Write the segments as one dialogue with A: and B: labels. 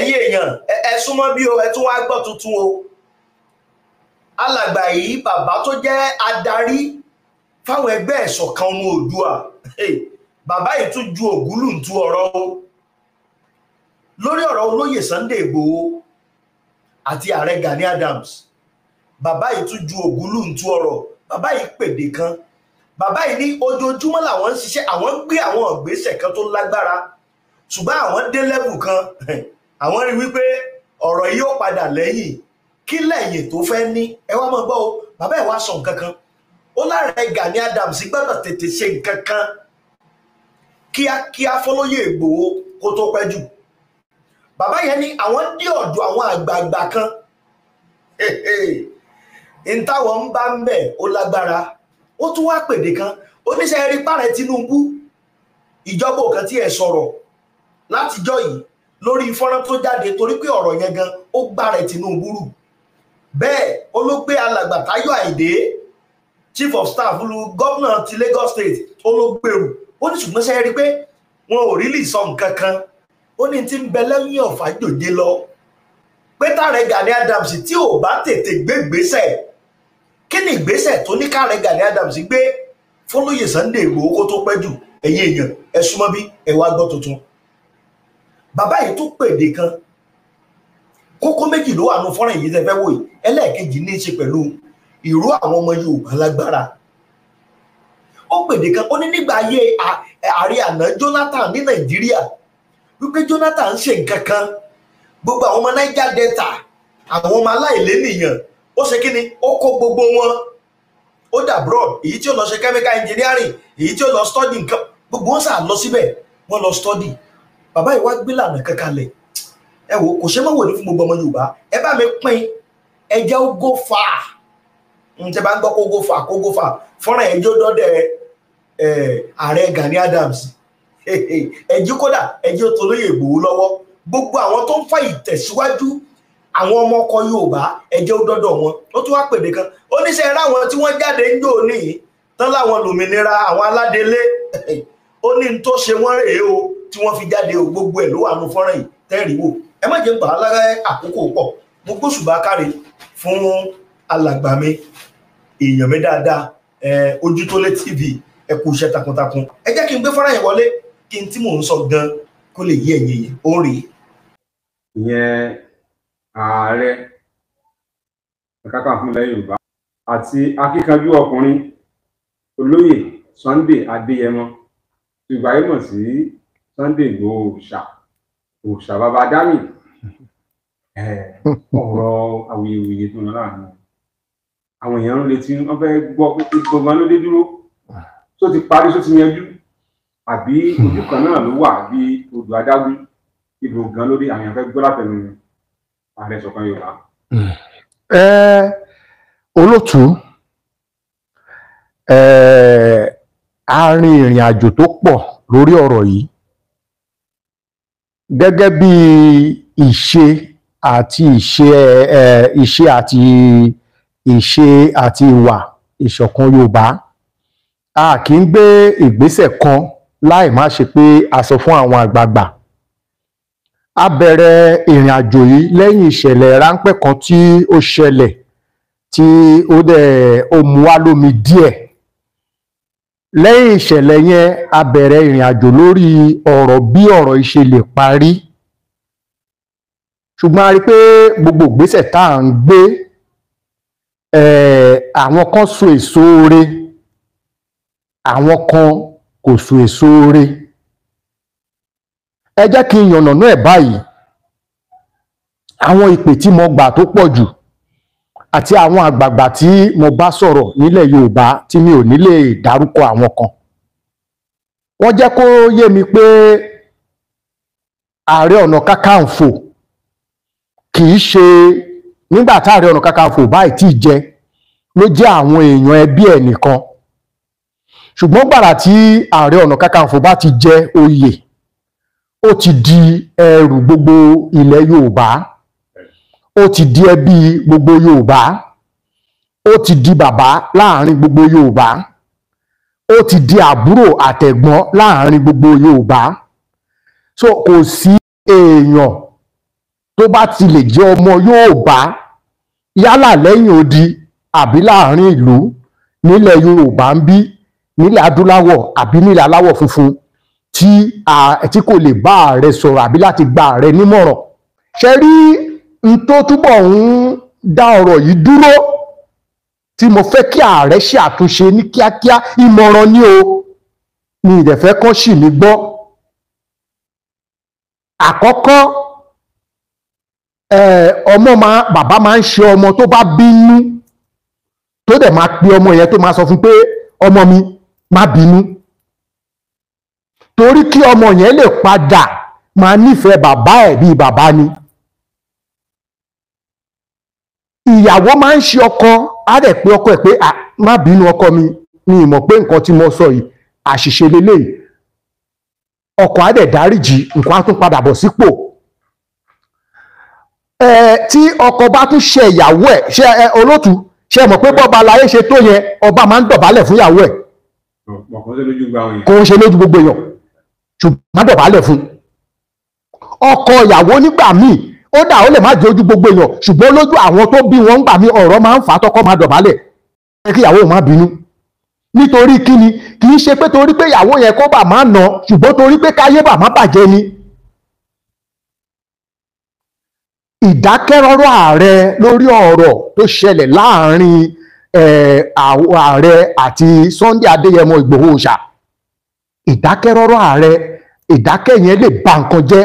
A: ẹ̀yin èèyàn ẹ súnmọ́ bí o ẹ tún wá gbọ́ tuntun o alàgbà yìí bàbá tó jẹ́ adarí fáwọn ẹgbẹ́ ìṣọ̀kan ọmọ Oòduà bàbá yìí tún ju ògúlùntú ọ̀rọ̀ o lórí ọ̀rọ̀ olóyè Sunday Ìgbòho àti ààrẹ Gani Adams bàbá yìí tún ju ògúlùntú ọ̀rọ̀ bàbá yìí pèdè kan bàbá yìí ní ojoojúmọ́ làwọn ń ṣiṣẹ́ àwọn ń gbé àwọn ìgbésẹ̀ kan tó lágbára ṣùgbọ́n àwọn dé lẹ́bù kan àwọn rí wípé ọ̀rọ̀ yìí ó padà lẹ́yìn kí lẹ́yìn tó fẹ́ ní ẹ wá máa gbọ́ o bàbá ẹ̀ wá sọ nǹkan kan ó láàrẹ Gani Adams gbọ́dọ̀ tètè ṣe nǹkan kan kíákíá fọlọ́yẹ̀ Ìgbòho kó tó pẹ́ jù bàbá yẹn ní àwọn dé ọ̀dọ̀ àwọn àgbààgbà kan n ń bá ń bẹ̀ ó lágbára ó tún wá pèdè kan oníṣẹ́ erí pààrẹ Tinubu ìjọba òkan tí ẹ sọ̀rọ̀ látijọ́ yìí lórí fọ́nrán tó jáde torí pé ọ̀rọ̀ yẹn gan ó gbá rẹ̀ Tinubu rù bẹ́ẹ̀ olóògbé alàgbà Táyọ̀ Àìdé chief of staff lu gómìnà ti Lagos state olóògbé rù ó ní ṣùgbọ́n ṣe é rí i pé wọn ò rí lè sọ nǹkan kan ó ní ti ń bẹ lẹ́yìn ọ̀fà jòjé lọ pé tààrẹ Gani Adams tí ò bá tètè gbé gbèsè kí ni ìgbésẹ̀ tó ní káàrẹ Gani Adams gbé fọlọ́yè Sunday Ìgbòho kó tó pẹ́ jù ẹ̀yin èèyàn ẹ súnmọ́ bí ẹ wá gbọ́ tuntun bàbá yìí tún pèdè kan kókó méjì ló wà nù fọ́nrán yìí tẹ́ fẹ́ wò yìí ẹlẹ́ẹ̀kejì ní í ṣe pẹ̀lú ìró àwọn ọmọ Yorùbá lágbára ó pèdè kan ó ní nígbà ayé ààrẹ àná Jonathan ní Nàìjíríà wípé Jonathan ń ṣe nǹkan kan gbogbo àwọn ọmọ Niger Delta àwọn ọmọ aláìlé nìyàn ó ṣe kí ni ó kó gbogbo wọn ó dà broad èyí tí ó lọ ṣe chemical engineering èyí tí ó lọ study nǹkan gbogbo wọn sà lọ síbẹ̀ wọ́n lọ study bàbá yìí wá gbé lànà kankan lẹ̀ ẹ wò kò ṣe mọ́wò ní fún gbogbo ọmọ yorùbá ẹ bá mi pín ẹjẹ́ ó gó fà á ǹjẹ́ bá ń gbọ́ kó gó fà kó gó fà fọ́nrán ẹjọ́ dọ́dẹ ààrẹ Gani Adams ẹjọ́ kódà ẹjọ́ tó lóye Ìgbòho lọ́wọ́ gbogbo àwọn tó ń fa ìtẹ̀síwájú àwọn ọmọ ọkọ yorùbá ẹjẹ́ ó dọ́dọ̀ wọn ó tún wá pèdè kan ó níṣẹ́ ẹ̀rọ àwọn tí wọ́n jáde ń jò níyì tán láwọn lòmìnira àwọn aládélé ó ní n tó ṣe wọ́n rèé o tí wọ́n fi jáde o gbogbo ẹ̀ ló wà nù fọ́nrán yìí tẹ́rì wò ẹ má jẹ́ gbà á lára àkókò pọ̀ mo gbóṣùbà káre fún alàgbà mi èèyàn mi dáadáa ojú tó lé tv ẹ kú iṣẹ́ takuntakun ẹ jẹ́ kí n gbé fọ́nrán yìí wọlé kí n tí mò ń sọ gan kó lè yé ẹ̀yìn yìí ó rèé.
B: ìyẹn ààrẹ Ọ̀kánkafò ilẹ̀ Yorùbá àti akíkanjú ọkùnrin olóyè Sunday Adéyẹmọ tùgbà yìí mọ̀ sí Sunday Igboho òòṣà òòṣà bàbá dami ọ̀rọ̀ awuyewuye tó lọ láàánú àwọn èèyàn ń retí wọn fẹ́ẹ́ gbọ́ pé gbọngàn ló dé dúró tó ti parí tó ti yanjú àbí ojú kan náà ló wà bí odò adágún ibò gan lórí àwọn èèyàn fẹ́ẹ́ gbọ́ látẹnu ààrẹ ṣọ̀kan Yorùbá. ẹ olótú a rin ìrìn àjò tó pọ̀ lórí ọ̀rọ̀ yìí gẹ́gẹ́ bí ìṣe àti ìṣe ẹ ìṣe àti ìṣe àti ìwà ìṣọ̀kan Yorùbá a kì í gbé ìgbésẹ̀ kan láì má ṣe pé a sọ fún àwọn àgbààgbà a bẹ̀rẹ̀ ìrìn àjò yìí lẹ́yìn ìṣẹ̀lẹ̀ ráńpẹ́ kan tí ó ṣẹlẹ̀ tí ó dẹ̀ ó mu wá lómi díẹ̀ lẹ́yìn ìṣẹ̀lẹ̀ yẹn a bẹ̀rẹ̀ ìrìnàjò lórí ọ̀rọ̀ bí ọ̀rọ̀ yìí ṣe lè parí ṣùgbọ́n a rí i pé gbogbo ìgbésẹ̀ tá à ń gbé àwọn kan so èso oore àwọn kan kò so èso oore ẹ jẹ́ kí n yànnàná ẹ̀ báyìí àwọn ìpè tí mo gbà tó pọ̀ jù àti àwọn àgbààgbà tí mo bá sọ̀rọ̀ nílẹ̀ Yorùbá tí mi ò ní lè dárúkọ àwọn kan wọ́n jẹ́ kó yé mi pé ààrẹ ọ̀nà kákàǹfò kì í ṣe nígbà tá ààrẹ ọ̀nà kákàǹfò báyìí tí ì jẹ ló jẹ́ àwọn èèyàn ẹbí ẹ̀ nìkan ṣùgbọ́n gbàrà tí ààrẹ ọ̀nà kákàǹfò bá ti jẹ oyè ó ti di ẹrù gbogbo ilẹ̀ Yorùbá ó ti di ẹbí gbogbo yorùbá ó ti di bàbá láàrin gbogbo yorùbá ó ti di àbúrò àtẹ̀gbọ́n láàrin gbogbo yorùbá so kò sí èèyàn tó bá ti lè jẹ́ ọmọ yorùbá yálà lẹ́yìn odi àbí láàrin ìlú nílẹ̀ yorùbá ń bí nílẹ̀ adúláwọ̀ àbí nílẹ̀ aláwọ̀ funfun tí kò lè bá ààrẹ sọ̀rọ̀ àbí láti gba ààrẹ nímọ̀ràn ṣe rí n tó túbọ̀ ń dá ọ̀rọ̀ yìí dúró tí mo fẹ́ kí ààrẹ ṣe àtúnṣe ní kíákíá ìmọ̀ràn ni o mi ìdẹ̀fẹ́ kan ṣì mí gbọ́ àkọ́kọ́ ọmọ máa bàbá máa ń ṣe ọmọ tó bá bínú tó dẹ̀ máa pe ọmọ yẹn tó máa sọ fún pé ọmọ mi má bínú torí kí ọmọ yẹn lè padà máa nífẹ̀ẹ́ bàbá ẹ̀ bíi bàbá ni ìyàwó máa ń ṣe ọkọ á dẹ̀ pé ọkọ ẹ̀ pé má bínú ọkọ mi mi ì pé nǹkan tí mo sọ yìí àṣìṣe lélẹ́yìí ọkọ á dẹ̀ dáríjì nǹkan á tún padà bọ̀ sípò ẹ tí ọkọ bá tún ṣe ìyàwó ẹ̀ ṣe ẹ olótù ṣe mọ̀ pé bọ́ba aláyé ṣe tó yẹn ọba máa ń dọ̀bálẹ̀ fún ìyàwó ẹ̀ kò ń ṣe lójú gbogbo èèyàn ṣùgbọ́n má dọ̀bálẹ̀ fún ọkọ ìyàwó nígbà míì ó dà ó lè má jẹ́ ojú gbogbo èèyàn ṣùgbọ́n lójú àwọn tó bí wọn ń gbà mí ọ̀rọ̀ máa ń fà á tọkọ máa dọ̀bálẹ̀ ẹ kí ìyàwó má bínú nítorí kíni kì í ṣe pé torí pé ìyàwó yẹn kó bà má nà ṣùgbọ́n torí pé káyé bà má bàjẹ́ ni. ìdákẹ́rọ́rọ́ ààrẹ lórí ọ̀rọ̀ tó ṣẹlẹ̀ láàrin ààrẹ àti Sunday Adéyẹmọ Ìgbòho Òòṣà ìdákẹ́rọ́rọ́ ààrẹ ìdákẹ́ yẹn lè ba nǹkan jẹ́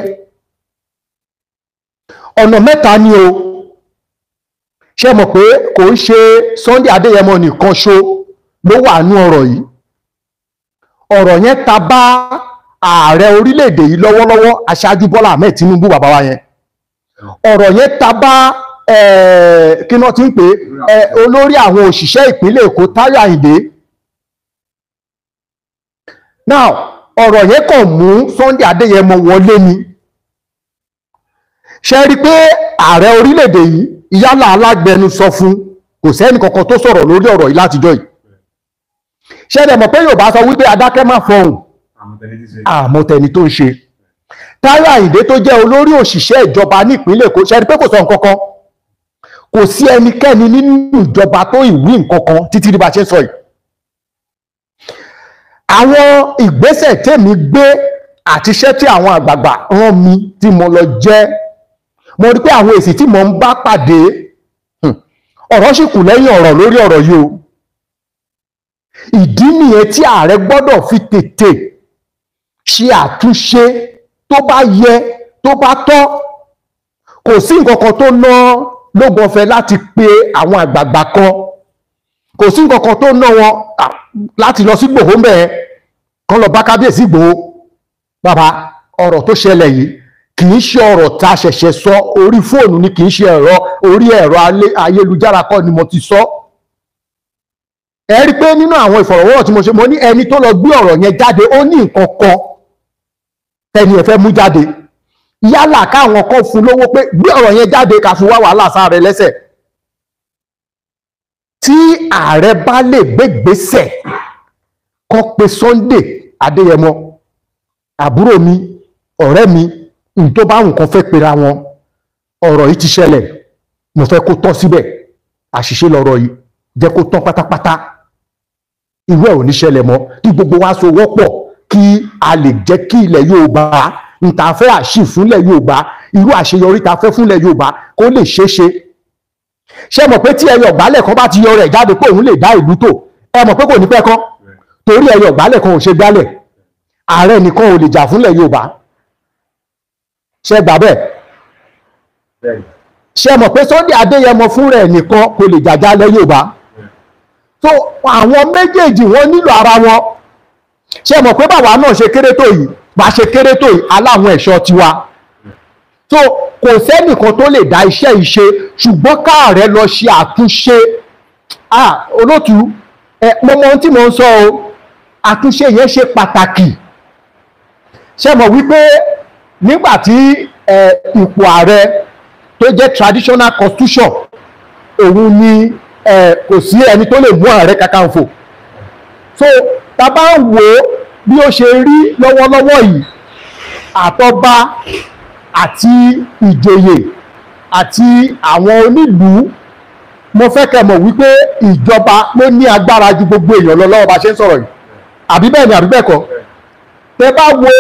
B: ọ̀nà mẹ́ta ni o ṣe mọ̀ pé kò ń ṣe Sunday Adéyẹmọ nìkan ṣo ló wà nú ọ̀rọ̀ yìí ọ̀rọ̀ yẹn ta bá ààrẹ orílẹ̀-èdè yìí lọ́wọ́lọ́wọ́ aṣáájú Bọ́lá Ahmed Tinubu bàbá wa yẹn ọ̀rọ̀ yẹn ta bá kí náà ti ń pè olórí àwọn òṣìṣẹ́ ìpínlẹ̀ Èkó Táyọ̀ Àyìndé now ọ̀rọ̀ yẹn kàn mú Sunday Adéyẹmọ wọlé ni ṣe rí i pé ààrẹ orílẹ̀-èdè yìí ìyálà alágbẹnusọ fún kò sẹ́ni kankan tó sọ̀rọ̀ lórí ọ̀rọ̀ yìí látijọ́ yìí ṣe dẹ̀ mọ̀ pé Yorùbá sọ wípé adákẹ́ má fọhùn àmọ̀tẹ́ni tó ń ṣe Táyọ̀ Àyìndé tó jẹ́ olórí òṣìṣẹ́ ìjọba ní ìpínlẹ̀ Èkó ṣe rí i pé kò sọ nǹkan kan kò sí ẹnikẹ́ni nínú ìjọba tó ìwí nǹkan kan títí di bá ṣe sọ yìí àwọn ìgbésẹ̀ tèmi gbé àtiṣẹ́ tí àwọn àgbààgbà rán mi tí mo lọ jẹ́ mo rí pé àwọn èsì tí mò ń bá pàdé hmm, ọ̀rọ̀ sì kù lẹ́yìn ọ̀rọ̀ lórí ọ̀rọ̀ yìí o ìdí nìyẹn tí ààrẹ gbọ́dọ̀ fi tètè ṣe àtúnṣe tó bá yẹ tó bá tọ́ kò sí nǹkan kan tó ná lógbọ̀nfẹ́ láti pe àwọn àgbààgbà kan kò sí nǹkan kan tó ná wọn láti lọ sí gbòho mẹ́ẹ̀ kán lọ bá kábíyèsí gbòho bàbá ọ̀rọ̀ tó ṣẹlẹ̀ yìí kì í ṣe ọ̀rọ̀ tá a ṣẹ̀ṣẹ̀ sọ orí fóònù ni kì í ṣe ẹ̀rọ orí ẹ̀rọ ayélujára kọ́ ni mo ti sọ. ẹ rí i pé nínú àwọn ìfọ̀rọ̀wọ́rọ̀ tí mo ṣe mo ní ẹni tó lọ gbé ọ̀rọ̀ yẹn jáde ó ní nǹkan kan tẹni ẹ̀ fẹ́ mú jáde yálà káwọn kan fún lówó pé gbé ọ̀rọ̀ yẹn jáde ká fi wá wàhálà sáré lẹ́sẹ̀. tí ààrẹ bá lè gbégbèsè kó pe Sunday Adéyẹmọ àbúrò mi ọ̀rẹ́ mi ìjọba àwọn kan fẹ́ pera wọn ọ̀rọ̀ yìí ti ṣẹlẹ̀ mo fẹ́ kó tán síbẹ̀ àṣìṣe lọ̀rọ̀ yìí jẹ́ kó tán pátápátá irú ẹ̀ ò ní ṣẹlẹ̀ mọ́ kí gbogbo wa so wọ́pọ̀ kí a lè jẹ́ kí ilẹ̀ Yorùbá nta fẹ́ àṣìf fúnlẹ̀ Yorùbá irú àṣeyọrí ta fẹ́ fúnlẹ̀ Yorùbá kó lè ṣeé ṣe ṣe mọ̀ pé tí ẹyọ ìgbálẹ̀ kan bá ti yọ rẹ̀ jáde pé òun lè dá ìlú tò ẹ mọ̀ pé kò ní pẹ́ kán torí ẹyọ ìgbálẹ̀ kan ò ṣe gbálẹ̀ ààrẹ nìkan ò lè jà fúnlẹ̀ Yorùbá ṣe gbà bẹ́ẹ̀ ṣe mọ̀ pé Sunday Adéyẹmọ fúnra ẹ̀ nìkan kò lè jàjà lẹ Yorùbá so àwọn méjèèjì wọ́n nílò ara wọn ṣe mọ̀ pé báwa náà ṣe kéré tó yìí bá ṣe kéré tó yìí aláwọn ẹ̀ṣọ́ tiwa so kò sẹ́nìkan tó lè dá iṣẹ́ yìí ṣe ṣùgbọ́n káàrẹ́ lọ ṣe àtúnṣe olótú ẹ mo mọ ohun tí mo ń sọ o àtúnṣe yẹn ṣe pàtàkì ṣe mọ̀ wípé nígbà tí ipò ààrẹ tó jẹ́ traditional constitution òun ni kò sí ẹni tó lè mú ààrẹ kakanfò so tá bá ń wò ó bí ó ṣe rí lọ́wọ́lọ́wọ́ yìí àtọba àti ìjòyè àti àwọn onílùú mo fẹ́ kẹ́ mọ̀ wípé ìjọba ló ní agbára ju gbogbo èèyàn lọ lọ́wọ́ bá ṣe ń sọ̀rọ̀ yìí àbí bẹ́ẹ̀ ni àbí bẹ́ẹ̀ kọ́ tẹ́ bá wo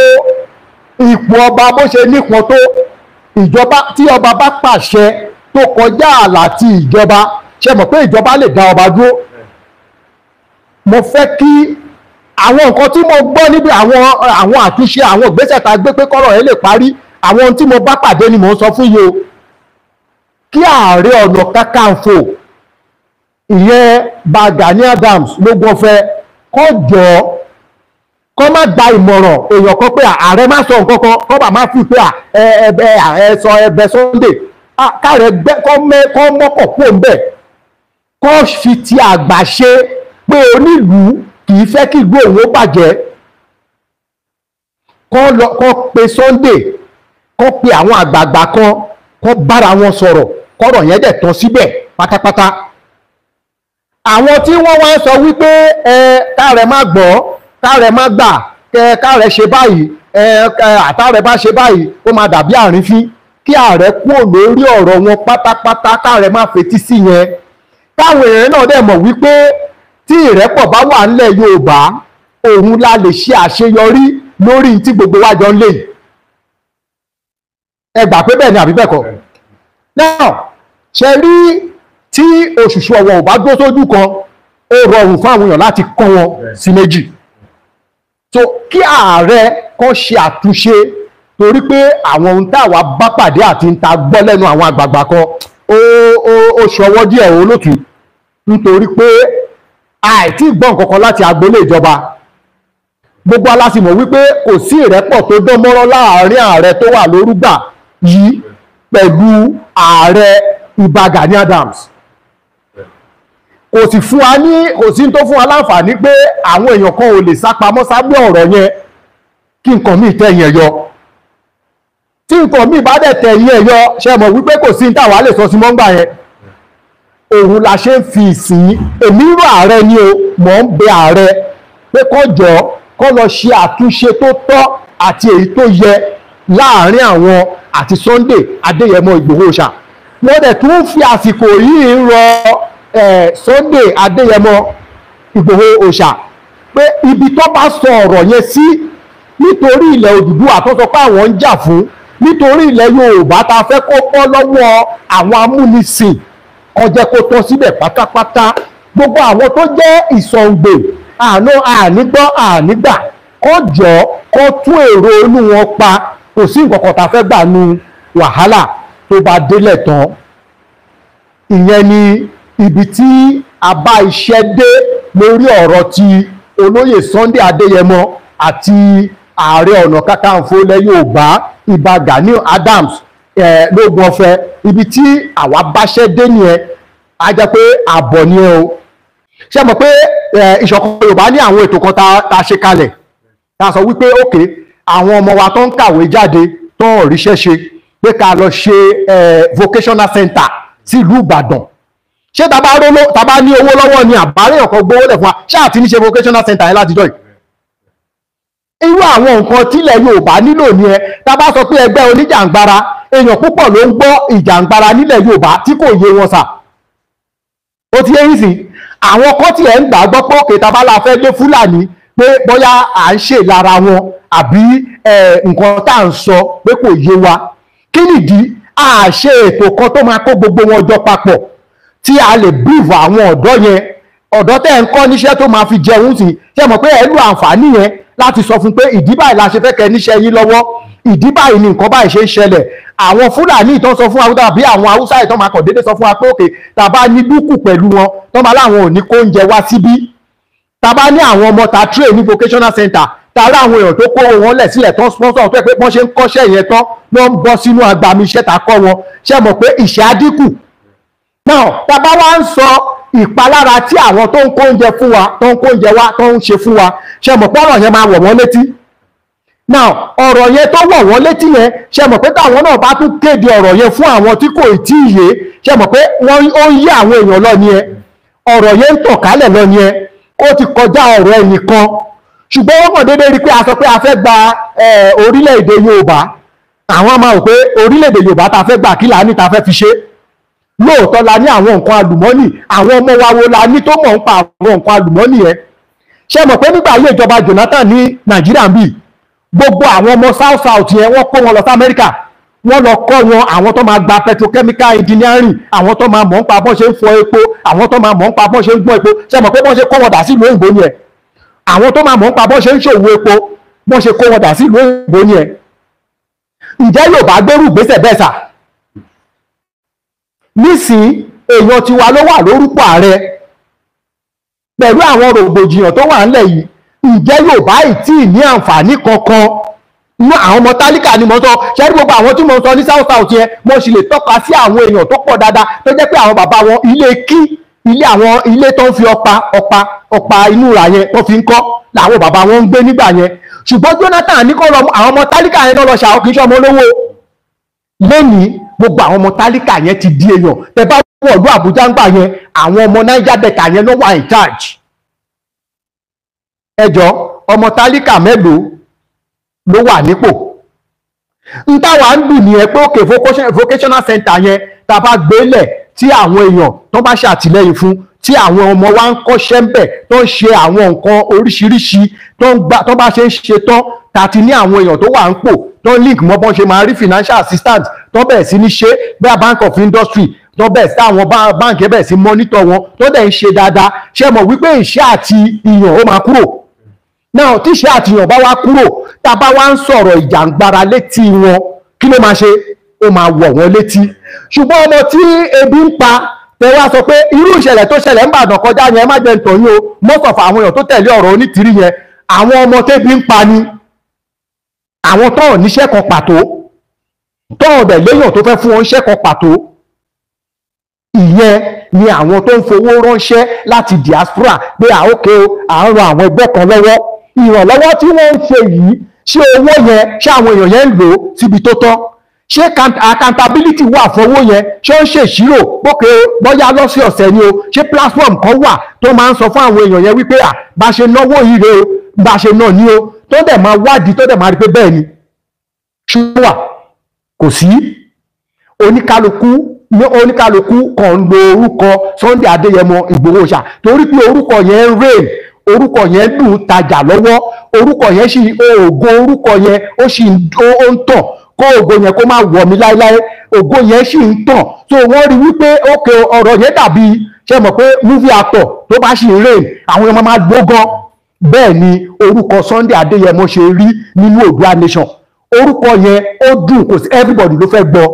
B: ipò ọba bó ṣe nípọn tó ìjọba tí ọba bá pàṣẹ tó kọjá àlà ti ìjọba ṣe mọ̀ pé ìjọba lè dá ọba dúró mo fẹ́ kí àwọn nǹkan tí mo gbọ́ níbi àwọn àwọn àtúnṣe àwọn ìgbésẹ̀ tá a gbé pé kọ́rọ̀ ẹ lè parí àwọn ohun tí mo bá pàdé ni mò ń sọ fún yìí o kí ààrẹ ọ̀nà kakanfò ìyẹn bá Gani Adams ló gbọ́ fẹ́ kọjọ́ kọ́ má gba ìmọ̀ràn èèyàn kan pé ààrẹ má sọ nǹkan kan kọ́ bà má fi pé ẹbẹ ẹsọ ẹbẹ Sunday káàrẹ̀ gbẹ́ kọ́ mọ́kọ̀ kó ń bẹ̀ kọ́ fi ti àgbà ṣe pé onílùú kì í fẹ́ kí ìlú òun ó bàjẹ́ kọ́ pe Sunday kọ́ pe àwọn àgbààgbà kan kọ́ bára wọn sọ̀rọ̀ kọ́rọ̀ yẹn dẹ̀ tán síbẹ̀ pátápátá àwọn tí wọ́n wá ń sọ wípé ẹ káàrẹ̀ má gbọ́ táàrẹ má gbà kẹ káàrẹ ṣe báyìí ẹ àtàrẹ bá ṣe báyìí ó máa dàbí àrífín kí ààrẹ kúrò lórí ọ̀rọ̀ wọn pátápátá káàrẹ má fetí sí yẹn táwọn èèyàn náà dẹ̀ mọ̀ wípé tí ìrẹ́pọ̀ bá wà ńlẹ̀ Yorùbá òun la lè ṣe àṣeyọrí lórí tí gbogbo wa jọ ń lè ẹ gbà pé bẹ́ẹ̀ ni àbí bẹ́ẹ̀ kọ́ náà ṣe rí tí òṣùṣù ọ̀wọ̀ ò bá dúró sójú kan ó rọrùn fún àwọn èèyàn láti kọ́ wọn sí méjì so kí ààrẹ kan ṣe àtúnṣe torí pé àwọn ohun tá àwa bá pàdé àti ń ta gbọ́ lẹ́nu àwọn àgbààgbà kan ó ó ó ṣọwọ́ díẹ̀ olótù nítorí pé àìtí gbọ́ nǹkan kan láti agboolé ìjọba gbogbo alásìmọ̀ wípé kò sí ìrẹ́pọ̀ tó dán mọ́rán láàrin ààrẹ tó wà lórúgbà yìí pẹ̀lú ààrẹ Ìbà Gani Adams kò sì fún wa ní kò sí tó fún wa láǹfààní pé àwọn èèyàn kan ò lè sápamọ́ sábẹ́ ọ̀rọ̀ yẹn kí nǹkan míì tẹ̀yìn ẹ̀ yọ tí nǹkan míì bá dẹ̀ tẹ̀yìn ẹ̀ yọ ṣe mọ̀ wípé kò sí táwa lè sọ sí mọ́ngbà yẹn òun la ṣe ń fi ìsìn èmi rọ ààrẹ ni o mọ̀ ń bẹ ààrẹ pé kọjọ kó lọ ṣe àtúnṣe tó tọ́ àti èyí tó yẹ láàrin àwọn àti Sunday Adéyẹmọ Ìgbòho ṣá wọ́n dẹ̀ tún fi àsìkò yìí rọ Sunday Adéyẹmọ Ìgbòho Òòṣà pé ibi tó bá sọ ọ̀rọ̀ yẹn sí nítorí ilẹ̀ Odùduwà tó sọ pé àwọn ń jà fún nítorí ilẹ̀ Yorùbá ta fẹ́ kó bọ́ lọ́wọ́ àwọn amúnisìn kọjá kó tọ́ síbẹ̀ pátápátá gbogbo àwọn tó jẹ́ ìsọ̀ǹgbè àánú ànígbọ́ ànígbà kó jọ kó tún èrò inú wọn pa kò sí nǹkan kan tá a fẹ́ gbà nu wàhálà tó bá délẹ̀ tán ìyẹn ni ibi tí a bá iṣẹ́ dé lórí ọ̀rọ̀ ti olóyè Sunday Adéyẹmọ àti ààrẹ ọ̀nà kakanfò ilẹ̀ Yorùbá Ìbà Gani Adams eh, lógun ọ̀fẹ́ ibi tí àwa báṣẹ́ dé nìyẹn a jẹ́ pé àbọ̀ nìyẹn o ṣe mọ̀ pé ìṣọ̀kan Yorùbá ní àwọn ètò kan tá a ṣe kalẹ̀ tá a sọ wípé òkè àwọn ọmọ wa tó ń kàwé jáde tó ń ríṣẹ́ ṣe pé ká lọ ṣe vocational center sílùú Ìbàdàn ṣé tàbá róló tàbá ní owó lọ́wọ́ ni àbárẹ̀ ọ̀kan gbówó lẹ̀ fún wa ṣáà ti ní ṣe vocational center yẹn látijọ́ yìí irú àwọn nǹkan tílẹ̀ Yorùbá nílò ni ẹ tá a bá sọ pé ẹgbẹ́ oníjàǹgbara èèyàn púpọ̀ ló ń gbọ́ ìjàǹgbara nílẹ̀ Yorùbá tí kò yé wọn sà o ti yéyìn sí àwọn kan tiẹ̀ ń gbà gbọ́ pé òkè tá a bá la fẹ́ lé Fúlàní pé bóyá à ń ṣe lára wọn àbí nǹkan tá à ń sọ pé kò yé wa kí nìdí àṣe ètò kan tó máa kó gbogbo wọn jọ papọ̀ tí a lè brief àwọn ọ̀dọ́ yẹn ọ̀dọ́ tẹ́ ń kọ́ níṣẹ́ tó máa fi jẹun sí ṣe mọ̀ pé ẹ lu àǹfààní yẹn láti sọ fún pé ìdí báyìí la ṣe fẹ́ kẹ́ níṣẹ́ yín lọ́wọ́ ìdí báyìí ni nǹkan báyìí ṣe ń ṣẹlẹ̀ àwọn fúlàní ìtàn sọ fún haúsá àbí àwọn haúsá ìtàn máa kàn déédé sọ fún wa pé òkè tàbá ní dúkù pẹ̀lú wọn tán bá láwọn ò ní kó oúnjẹ wá síbí tàbá ní àwọn ọmọ ta train ní vocational center tààrà àwọn èèyàn tó kó wọn lẹ̀ sílẹ̀ tán sponsor tó pẹ́ pé wọ́n ṣe ń kọ́ṣẹ́ yẹn tán ló ń bọ́ sínú agbami iṣẹ́ ta kọ́ wọn ṣe mọ̀ pé ìṣẹ́ àdínkù now tá a bá wá ń sọ ìpalára tí àwọn tó ń kó oúnjẹ fún wa tó ń kó oúnjẹ wa tó ń ṣe fún wa ṣe mọ̀ pé ọ̀rọ̀ yẹn máa wọ̀ wọ́n létí now ọ̀rọ̀ yẹn tó wọ̀ wọ́n létí yẹn ṣe mọ̀ pé táwọn náà bá tún kéde ọ̀rọ̀ yẹn fún àwọn tí kò tí ì yé ṣe mọ̀ pé wọ́n ó yé àwọn èèyàn lọ ni ẹ ọ̀rọ̀ yẹn ń tàn kálẹ̀ lọ ni ẹ ó ti kọjá ọ̀rọ̀ ẹnìkan ṣùgbọ́n wọ́n kàn déédéé rí i pé a sọ pé a fẹ́ gba orílẹ̀-èdè Yorùbá àwọn máa wò pé orílẹ̀-èdè Yorùbá ta fẹ́ gbà kí làá ní ta fẹ́ fi ṣe é lóòótọ́ la ní àwọn nǹkan àlùmọ́nì àwọn ọmọ wa wo la ní tó mọ̀ ń pa àwọn nǹkan àlùmọ́nì yẹn ṣe mọ̀ pé nígbà ayé ìjọba Jonathan ní Nàìjíríà ń bì gbogbo àwọn ọmọ South South yẹn wọ́n kó wọn lọ sí Amẹ́ríkà wọ́n lọ kọ́ wọn àwọn tó máa gba petrochemical engineering àwọn tó máa mọ̀ ń pa bọ́n ṣe ń fọ epo àwọn tó máa mọ̀ ń pa bọ́n ṣe ń gbọ́n epo ṣe mọ̀ pé bọ́n ṣe kọ́ wọn dà sí ìlú òyìnbó yẹn àwọn tó máa mọ̀ ń pa bọ́n ṣe ń ṣòwò epo bọ́n ṣe kọ́ wọn dà sí ìlú òyìnbó yẹn ǹjẹ́ Yorùbá gbẹ́rù gbèsè bẹ́ẹ̀ sà nísìn èèyàn tiwa ló wà lórúkọ ààrẹ pẹ̀lú àwọn rògbòdìyàn tó wà ńlẹ̀ yìí ǹjẹ́ Yorùbá ì tí ì ní àǹfààní kankan mú àwọn ọmọ tálíkà ni mo sọ ṣẹ́rí gbogbo àwọn tí mo sọ ní south south yẹn mo sì lè tọ́ka sí àwọn èèyàn tó pọ̀ dáadáa tó jẹ́ pé àwọn bàbá wọn ilé kí ilé àwọn ilé tó ń fi ọ̀pá ọ̀pá ọ̀pá inú ra yẹn tó fi ń kọ́ làwọn bàbá wọn ń gbé nígbà yẹn ṣùgbọ́n Jonathan ní kó lọ àwọn ọmọ tálíkà yẹn lọ ṣàwọn kì í ṣe ọmọ olówó lẹ́nìí gbogbo àwọn ọmọ tálíkà yẹn ti di èèyàn tẹ́ bá wọ̀lú àbújá ń gbà yẹn àwọn ọmọ niger delta yẹn ló wà in charge ẹjọ́ ọmọ tálíkà mélòó ló wà nípò n táwa ń dùn nìyẹn pé òkè vocational center yẹn tá a bá gbélẹ̀ tí àwọn èèyàn tó bá ṣàtìlẹ́yìn fún tí àwọn ọmọ wa ń kọ́ṣẹ́ ń bẹ̀ tó ń ṣe àwọn nǹkan oríṣiríṣi tó bá ṣe ń ṣe tán tá a ti ní àwọn èèyàn tó wà ń pò tó ń link mọ́ bọ́n ṣe máa rí financial assistance tó bẹ̀rẹ̀ sí ní ṣe bẹ́ẹ̀ bank of industry tó bẹ̀rẹ̀ sí àwọn bank. bẹ̀rẹ̀ sí mọ́nítọ̀ wọn tó dẹ̀ ń ṣe dáadáa ṣe mọ̀ wípé ìṣe àti ìyàn ó máa kúrò náà tí ìṣe àti ìyàn bá wá kúrò tá a bá wá ń sọ̀rọ̀ ìjàngbara létí wọn kí ló máa ṣe ó máa wọ̀ wọ́n létí ṣùgbọ́n ọmọ tí ebi ń pa tẹ wá sọ pé irú ìṣẹ̀lẹ̀ tó ṣẹlẹ̀ ń bàdàn kọjá yẹn ẹ má jẹ́ ntọ̀yìn o most of àwọn èèyàn tó tẹ̀lé ọ̀rọ̀ onítìrí yẹn àwọn ọmọ tẹ́bi ń pa ni àwọn tó níṣẹ́ kan pàtó tọ́ọ̀dẹ̀ léèyàn tó fẹ́ fún wọn kan pàtó ìyẹn ni àwọn tó ń fowó ránṣẹ́ láti diaspora pé à ókè àwọn ẹgbẹ́ kan lọ́wọ́ ìrànlọ́wọ́ tí wọ́n ń ṣe yìí ṣé owó yẹn ṣé àwọn èèyàn yẹn ń lò ó síbi tó tọ́ ṣé accountability wà fọwọ́ yẹn ṣé ó ń ṣèṣirò bókè bóyá lọ́sẹ̀ ọ̀sẹ̀ ni o ṣé platform kan wà tó máa ń sọ fún àwọn èèyàn yẹn wípé à bá ṣe náwó yìí rèé o bá ṣe náà ni o tó dẹ̀ máa wádìí tó dẹ̀ máa rí pé bẹ́ẹ̀ ni ṣùgbọ́n wà kò sí oníkálukú oníkálukú kan ń lo orúkọ Sunday Adéyẹmọ Ìgbòho ṣá torí pé orúkọ yẹn ń rèé orúkọ yẹn dùn tajà lọ́wọ́ orúkọ yẹn sì ògo orúkọ yẹn ó sì ń tàn kó ògo yẹn kó má wọ̀ mí láéláé ògo yẹn sì ń tàn so wọ́n rí wípé ókè ọ̀rọ̀ yẹn dàbí ṣe mọ̀ pé movie actor tó bá sì ń rèé àwọn ọmọ máa gbó gan bẹ́ẹ̀ ni orúkọ Sunday Adéyẹmọ ṣe rí nínú Oòduà nation orúkọ yẹn ó dùn kò sí everybody ló fẹ́ gbọ́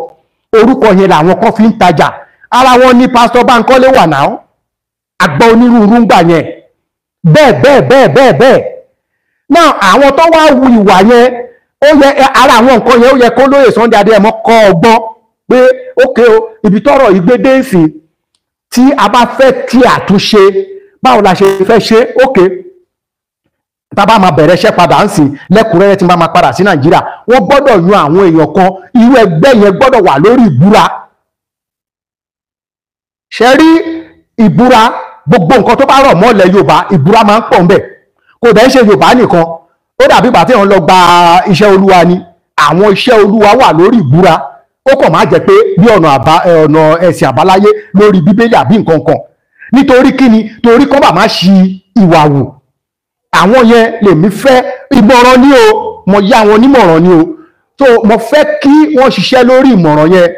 B: orúkọ yẹn làwọn kan fi ń tajà ara wọn ni pásítọ̀ Bánkọ́lé wà náà àgbà onírúurú ń gbà yẹn bẹ́ẹ̀ bẹ́ẹ̀ bẹ́ẹ̀ bẹ́ẹ̀ bẹ́ẹ̀ náà àwọn tó wá wu ìwà yẹn ó yẹ ara àwọn nǹkan yẹn ó yẹ kó lóye Sunday Adéyẹmọ kọ́ ọgbọ́n pé ókè o ibi tọ́rọ̀ ìgbédè ìsìn tí a bá fẹ́ ti àtúnṣe báwo la ṣe fẹ́ ṣe ókè. Okay tábà máa bẹ̀rẹ̀ iṣẹ́ padà ń sìn lẹ́kùnrẹ́rẹ́ tí n bá máa padà sí nàìjíríà wọ́n gbọ́dọ̀ yan àwọn èèyàn kan irú ẹgbẹ́ yẹn gbọ́dọ̀ wà lórí ìbúra ṣe rí ìbúra gbogbo nǹkan tó bá rọ̀ mọ́ ilẹ̀ yorùbá ìbúra máa ń pọ̀ ń bẹ̀ kò dẹ̀ ń ṣe yorùbá nìkan ó dàbí ìgbà tí wọ́n lọ gba iṣẹ́ olúwa ni àwọn iṣẹ́ olúwa wà lórí ìbúra ó kàn máa jẹ́ pé bí ọ̀nà eh, ẹ̀sìn àwọn yẹn mi fẹ́ ìmọ̀ràn ni o mo yá àwọn onímọ̀ràn ni o so mo fẹ́ kí wọ́n ṣiṣẹ́ lórí ìmọ̀ràn yẹn